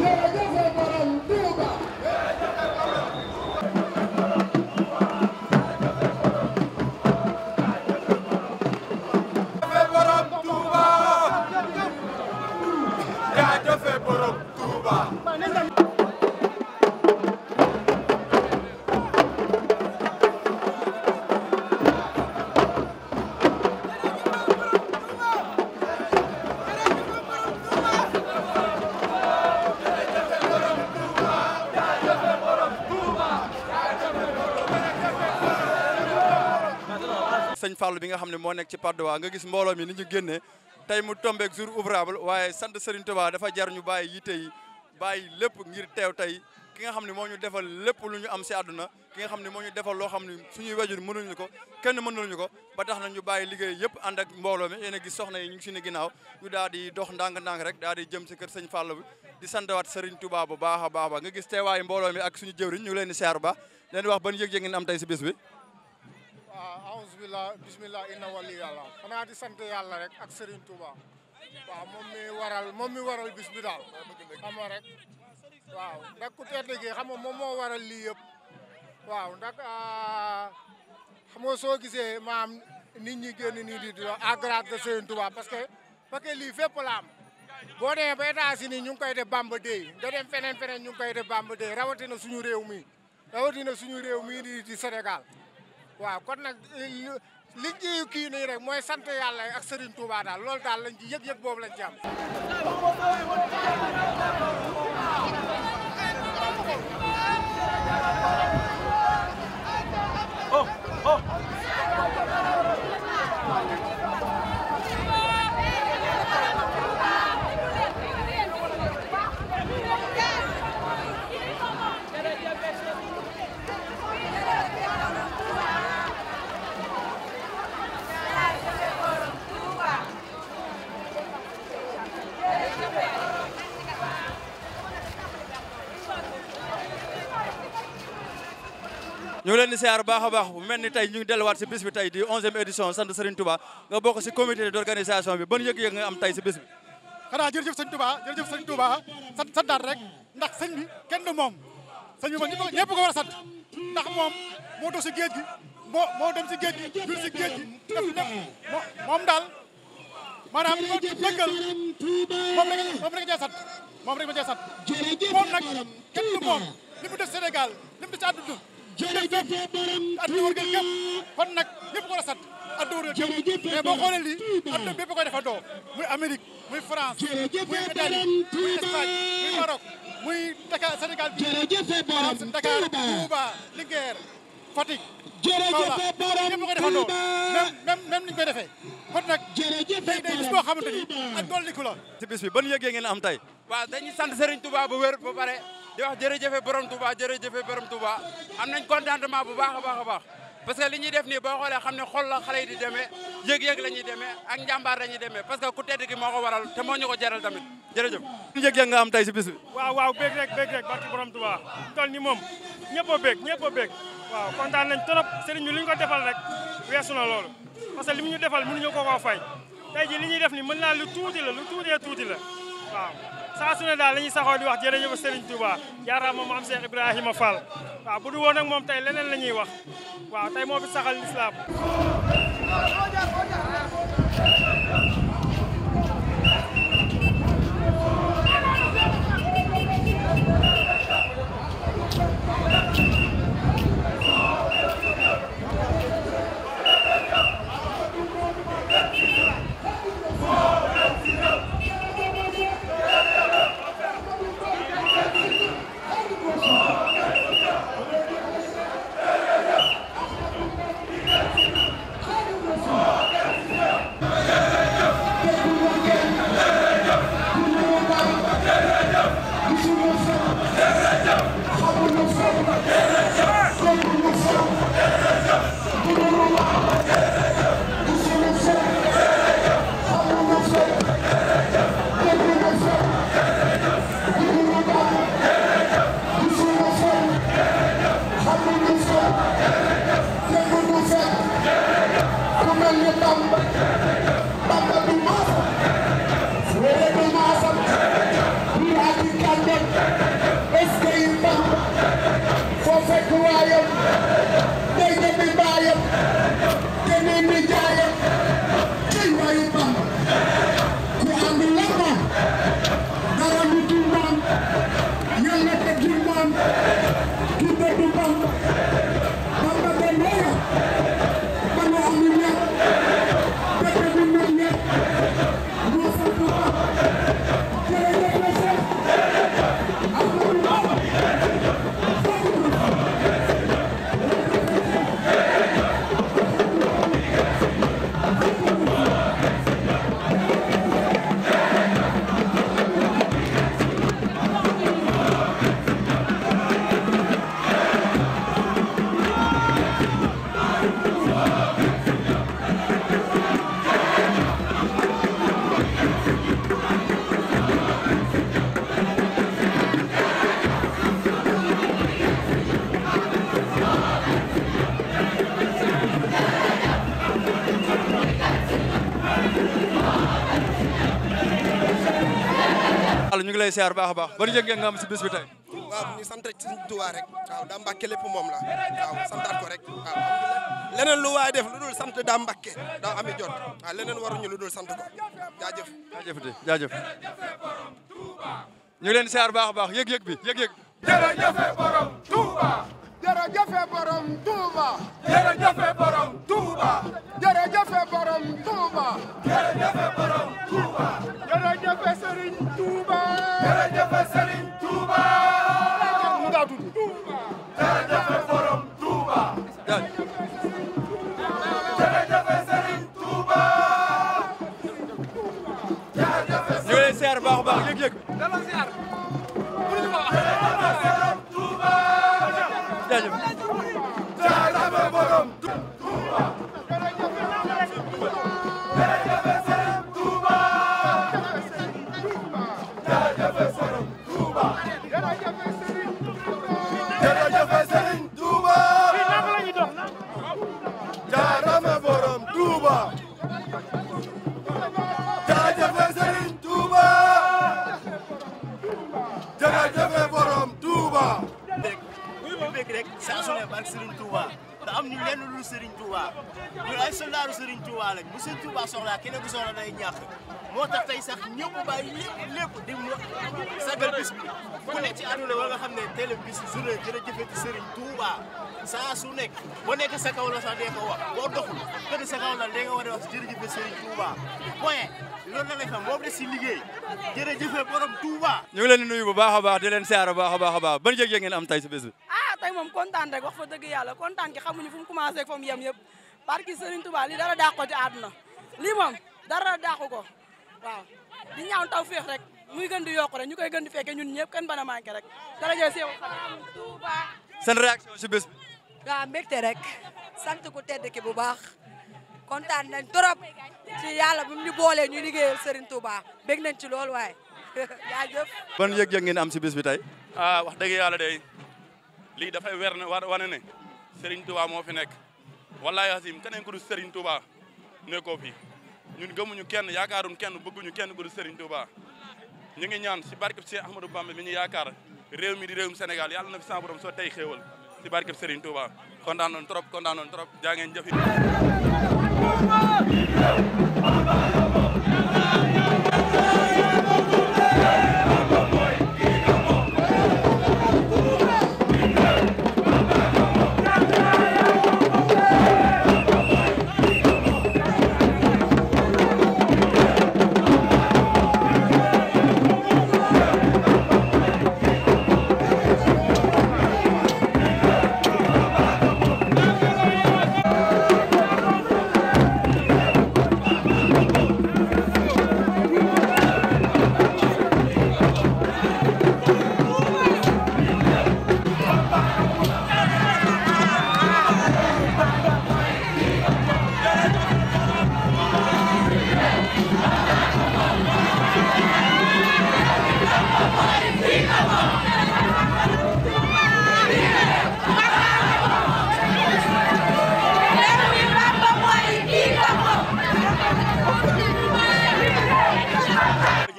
Yeah. sëñ Fallou bi xam ne moo nekk ci Patte d'Oie nga gis mbooloo mi ni ñu génnee tey mu jar ñu bàyyi yitte yi lépp ngir teew tey ki nga xam ne moo ñu defal lépp lu ñu am si àdduna ki nga xam ne moo ñu defal loo xam ne suñuy wejur mënuñu ko kenn mënuñu ko ba tax na ñu bàyyi liggéey yëpp ànd ak mbooloo mi yéen a gis soxna yi ñu ngi suñu ginnaaw ñu daal di dox ndànk-ndànk rek daal di jëm si kër sëñ Fallou bi di santawaat Serigne Touba bu baax a baax ba nga gis teewaayu mbooloo mi ak suñu jëwriñ ñu ngi leen di seer ba leen wax ban yëg-yëg ngeen am tey si bis bi waaw ah, aousbillah bismillah inna wali yàlla xanaa di sant yàlla rek ak Serigne Touba waaw moom mi waral moom mi waral bis a daal xam nga rek waaw ndax ku tedd gi moom moo waral lii yëpp waaw ndax ah, xam nga soo gisee maam nit ñi génn nii di di à grâce de Serigne Touba parce que parce lii fépp la boo demee ba États-Unis ñu ngi koy def Bamba Day nga dem feneen feneen ñu ngi koy Bamba Day rawatina suñu réew mi rawatina suñu réew mii di di Sénégal waaw kon nag liñ kii nii rek mooy sant yàlla ak Serigne Touba daal loolu daal lañ ci yëg-yëg boobu lañ ci oh. oh. ñu ngi leen di siyaar baax a baax bu mel ni tey ñu del delluwaat si bis bi tey di onzième édition sant Serigne Touba nga bokk si comité d'organisation bi ban yëg-yëg nga am tey si bis bi xanaa jërëjëf sëñ Touba jërëjëf sëñ Touba sant santaat rek ndax sëñ bi kenn du moom sëñ bi moom ñëpp ko war a sant ndax moom moo dox si géej gi moo moo dem si géej gi jul si géej gi def moom daal maanaam ñoo dëggal moom rek moom rek cee moom rek ma cee sant moom nag kenn du moom li mu def Sénégal li mu def si àdduna jërëjëf àdduna wërgal képp kon nag ñëpp ko a sant àdduna wërgal képp mais boo xoolee lii àdduna bépp koy defandoo muy Amérique muy France muy Italie muy Espagne muy Maroc muy Dakar Sénégal bi Dakar Touba Linguère Fatick jërëjëf borom ñëpp ko defandoo même même même ni ñu koy defee kon nag tey day bis boo xamante ni ak dolliku la ci bis bi ban ngeen am tey waaw dañuy sant seriñ Touba bu wér ba bare di wax jërëjëfe borom Touba jërëjëfe borom Touba am nañ contentement bu baax a baax a baax parce que li ñuy def nii boo xoolee xam ne xol la xale yi di demee yëg-yëg la ñuy demee ak njàmbaar la ñuy demee parce que ku tedd gi moo ko waral te moo ñu ko jaral tamit jërëjëf yëg-yëg nga am tey si bis bi waaw waaw béeg rek béeg rek barki borom Touba toll ni moom ñëpp a béeg ñëpp waaw kontaan nañ trop sëriñ bi li ñu ko defal rek weesu na loolu parce que li mu ñu defal mënuñu ko koo fay tey ji li ñuy def ni mën naa lu tuuti la lu tuutee tuuti la waaw saa su ne daal la ñuy saxoo di wax jërëjëf Serigne Touba jaaraama maam Ibrahima Fall waaw bu du woon ak moom tey leneen la ñuy wax waa tey moo fi saxal lislaam ngi lay siyaar baax a baax ban yëg-yëg nga am si bis bi tey waaw ñu sant ci Tuubaa rek waaw daa Mbàkke lépp moom la waaw santaat ko rek waaw leneen lu waay def lu dul sant daa Mbàkke daa ami jot waaw leneen waruñu lu dul sant ko jaajëf jaajëf de jaajëf ñu leen siyaar baax a baax yëg-yëg bi yëg-yëg jërëjëf borom Tuuba jërëjëf borom Tuuba jërëjëf borom Tuuba jërëjëf borom Tuuba jërëjëf borom Thank you. lañ bu sëñ Touba soxlaa keneen ku soxla day ñàkk moo tax tey sax ñëpp bàyyi lépp lépp di mu sagal bis bi ku ne ci àdduna ba nga xam ne teel a bis journée jërëjëfati sëriñ Touba saa su nekk boo nekk sa kaw la sax dee ko wax boo doxul kër sa kaw la dee nga war a wax jërëjëfe sëriñ Touba point loolu la lay nuyu bu baax a baax di leen siyaar bu baax a baax a baax ban yëg am tey si bés bi. ah tey moom kontaan rek wax fa dëgg yàlla kontaan ki xamuñu fu mu commencé mu yem barki seriñ Touba lii dara dàq ko ci àdduna lii moom dara dàqu ko waaw di ñaan taw féex rek muy gën di yokk rek ñu koy gën di fekke ñun ñëpp kan bana manqué rek dara jël seewu Touba seen réaction si bés bi waaw mbégte rek sant ku tedd ki bu baax kontaan nañ trop ci yàlla bi mu ñu boolee ñu liggéeyal Serigne Touba bég nañ ci lool waaye jaajëf ban yëg-yëg ngeen am si bés bi tey ah wax dëgg yàlla day lii dafay wer na war wane ne Serigne Touba moo fi nekk wallaay asim keneen ku du Serigne Touba nekkoo ñun gamuñu kenn yaakaaruñ kenn bëgguñu kenn ku du Serigne Touba ñu ngi ñaan si barkeb Cheikh Ahmadou Bamba mi ñu yaakaar réew mi di réewum Sénégal yàlla na fi sa borom soo tey xéewal si barkeb Serigne Touba kontaan noonu trop kontaan noonu trop jaa ngeen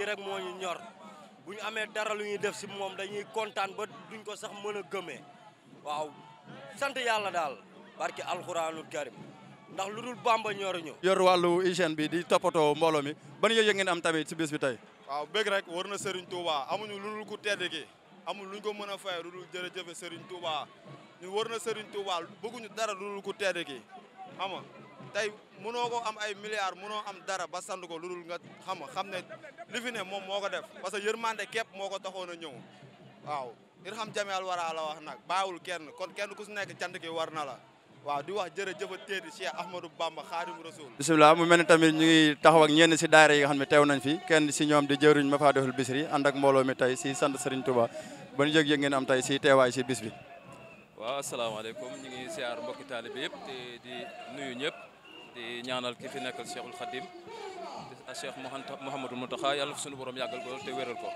rek moo ñu ñor bu ñu amee dara lu ñuy def si moom dañuy kontaan ba duñ ko sax mën a gëmee waaw sant yàlla daal barki alxuraanul karim ndax lu dul bamba ñoruñu yor wàllu hygiène bi di toppatoo mbooloo mi ban yëg ngeen am tamit si bés bi tey waaw bëgg rek war na Serigne Touba amuñu lu dul ku tedd gi amul lu ñu ko mën a fay lu dul jërëjëfe sëriñ Touba ñu war na Serigne Touba bëgguñu dara lu dul ku tedd gi tey mënoo ko am ay milliards mënoo am dara ba sand ko lu dul nga xam xam ne li fi ne moom moo ko def parce que mande képp moo ko taxoon a ñëw waaw irham jameel waraa la wax nag bàyyul kenn kon kenn ku si nekk cant gi war na la waaw di wax jërëjëf teeti Cheikh Ahmadou Bamba Xaadimu Rasuul bisimilah mu mel ne tamit ñu ngi taxaw ak ñenn si daara yi nga xam ne teew nañ fi kenn si ñoom di jëriñ ma faa defal bisri ànd ak mbooloo mi tey si sant Serigne Touba ba ñu yëg-yëg ngeen am tey si teewaay si bis bi waaw asalaamaaleykum ñu ngi siyaar mbokki taalibe yëpp nuyu ñëpp di ñaanal ki fi nekkal Cheikhul Khadim a Cheikh Mouhamadou Moutakha yàlla suñu borom yàggal ko te wéral ko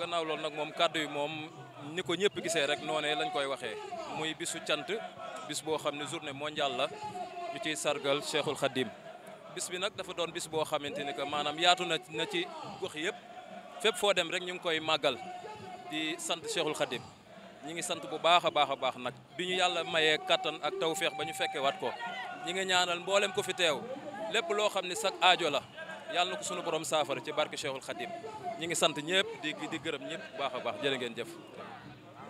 gannaaw lool nag moom kàddu yi moom ni ko ñëpp gisee rek noonee lañ koy waxee muy bisu cant bis boo xam ne journée mondiale la ñu ciy sargal Cheikhul Khadim bis bi nag dafa doon bis boo xamante ni que maanaam yaatu na na ci gox yëpp fépp foo dem rek ñu ngi koy màggal di sant Cheikhul Khadim ñi ngi sant bu baax a baax a baax nag bi ñu yàlla mayee kattan ak tawféex ba ñu fekke waat ko ñi ngi ñaanal mboolem ko fi teew lépp loo xam ne sax aajo la yàlla na ko sunu borom saafara ci barke Cheikhul Khadim ñi ngi sant ñëpp di di gërëm ñëpp bu baax a baax jërë ngeen jëf.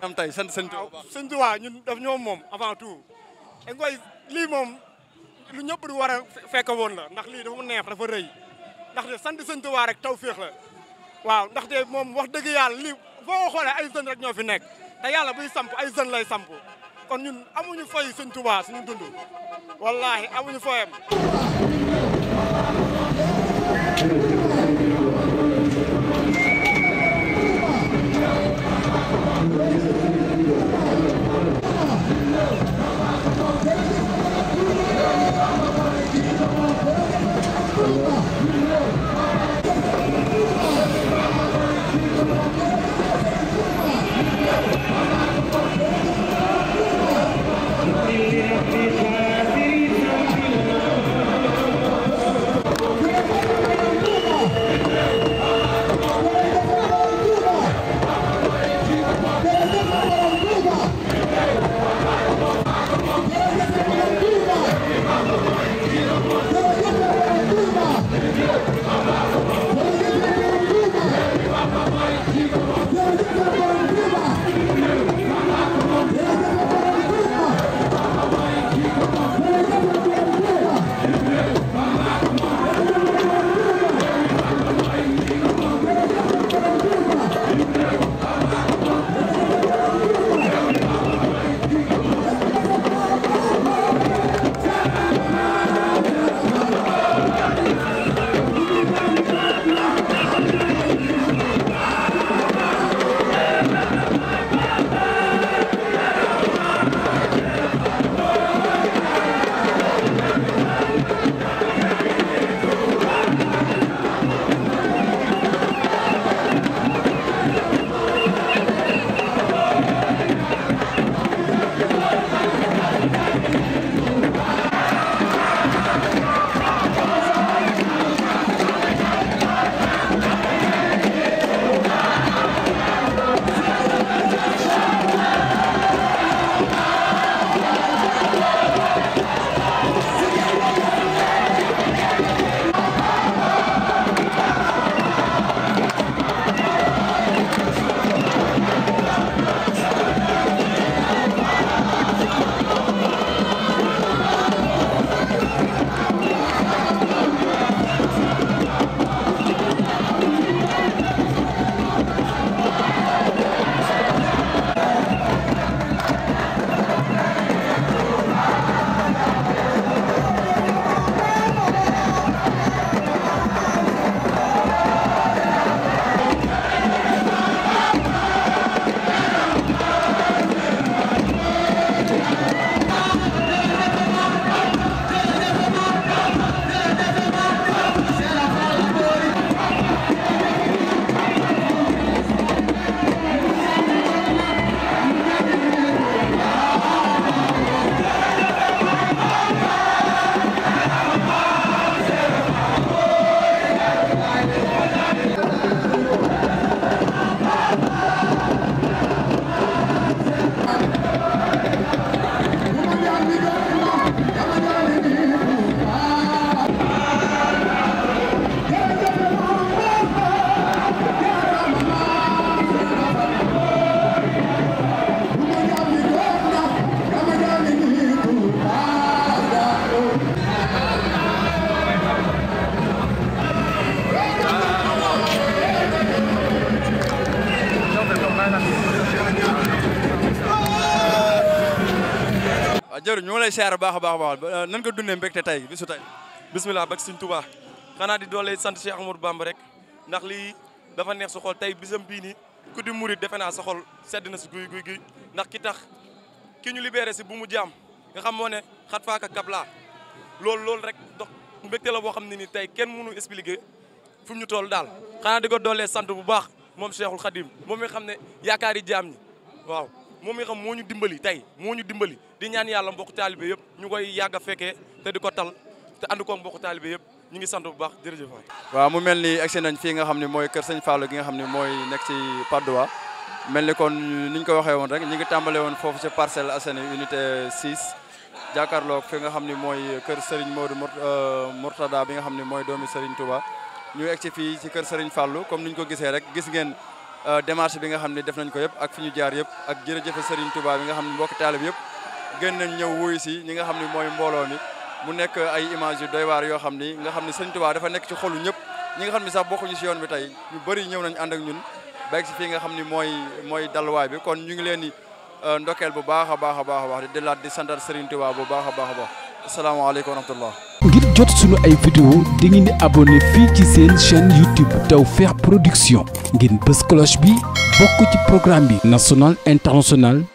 am tey sant sëñ Tuubaa sëñ Tuubaa ñun daf ñoom moom avant tout e ngoy lii moom lu ñëpp di war a fekk woon la ndax lii dafa neex dafa rëy ndaxte sant sëñ Tuubaa rek taw féex la waaw ndaxte moom wax dëgg yàlla li foo xoolee ay jeunes rek ñoo fi nekk te yàlla buy samp ay jeunes lay samp kon ñun amuñu fay sëñ Tuubaa suñu dund wallahi amuñu fooyam Thank you. jëru ñu ngi lay siyaar baax a baax baax euh, nan nga dundee mbégte tey bisu tey bisimilah bak suñ Tuubaa xanaa di doole sant Cheikh Amadou Bamba rek ndax lii dafa neex sa xol tey bisam bii nii ku di murit defe naa sa xol sedd na si guy guy guy ndax ki tax ki ñu libéré si bu mu jaam nga xam moo ne xat faaka kabla loolu loolu rek dox mbégte la boo xam ne ni tey kenn mënu expliquer fu ñu toll daal xanaa di ko doolee sant bu baax moom Cheikhul Khadim moom mi xam ne yaakaari jaam ñi waaw moom mi xam moo ñu dimbali tey moo ñu dimbali di ñaan yàlla mbokk taalibe yëpp ñu koy yàgg fekkee te di ko tal te ànd ko mbokk taalibe yëpp ñu ngi sant bu baax jërëjëf waay. waaw mu mel ni agsi nañ fii nga xam ne mooy kër sëñ Fallou gi nga xam ne mooy nekk ci Patte mel ni kon nu ñu ko waxee woon rek ñu ngi tàmbalee woon foofu ci Parcelles Assainies unité 6 jàkkaarloog fi nga xam ni mooy kër Serigne Modou euh, Mourtada bi nga xam ne mooy doomi Serigne Touba ñu egg ci fii ci kër Serigne Fallou comme ni ñu ko gisee rek gis Euh, démarche bi nga xam ne def nañ ko yëpp ak fi ñu jaar yëpp ak jërëjëfe Serigne Touba bi nga xam ne mbokk taalib yëpp gën nañ ñëw wuyu si ñi nga xam ne mooy mbooloo mi mu nekk ay image yu doy waar yoo xam ni nga xam ne Serigne Touba dafa nekk ci xolu ñëpp ñi nga xam ne sax bokku ñu si yoon bi tey ñu bëri ñëw nañ ànd ak ñun beeg si fii nga xam ni mooy mooy dalwaay bi kon ñu ngi leen di euh, ndokkeel bu baax a baax a baax a baax di delaat di santar Serigne Touba bu baax a baax a baax asalaamaaleykum wa jot suñu ay vidéo di ngeen di abonné fii ci seen chaîne YouTube Tawfekh Production ngeen bës cloche bi bokk ci programme bi nasonal international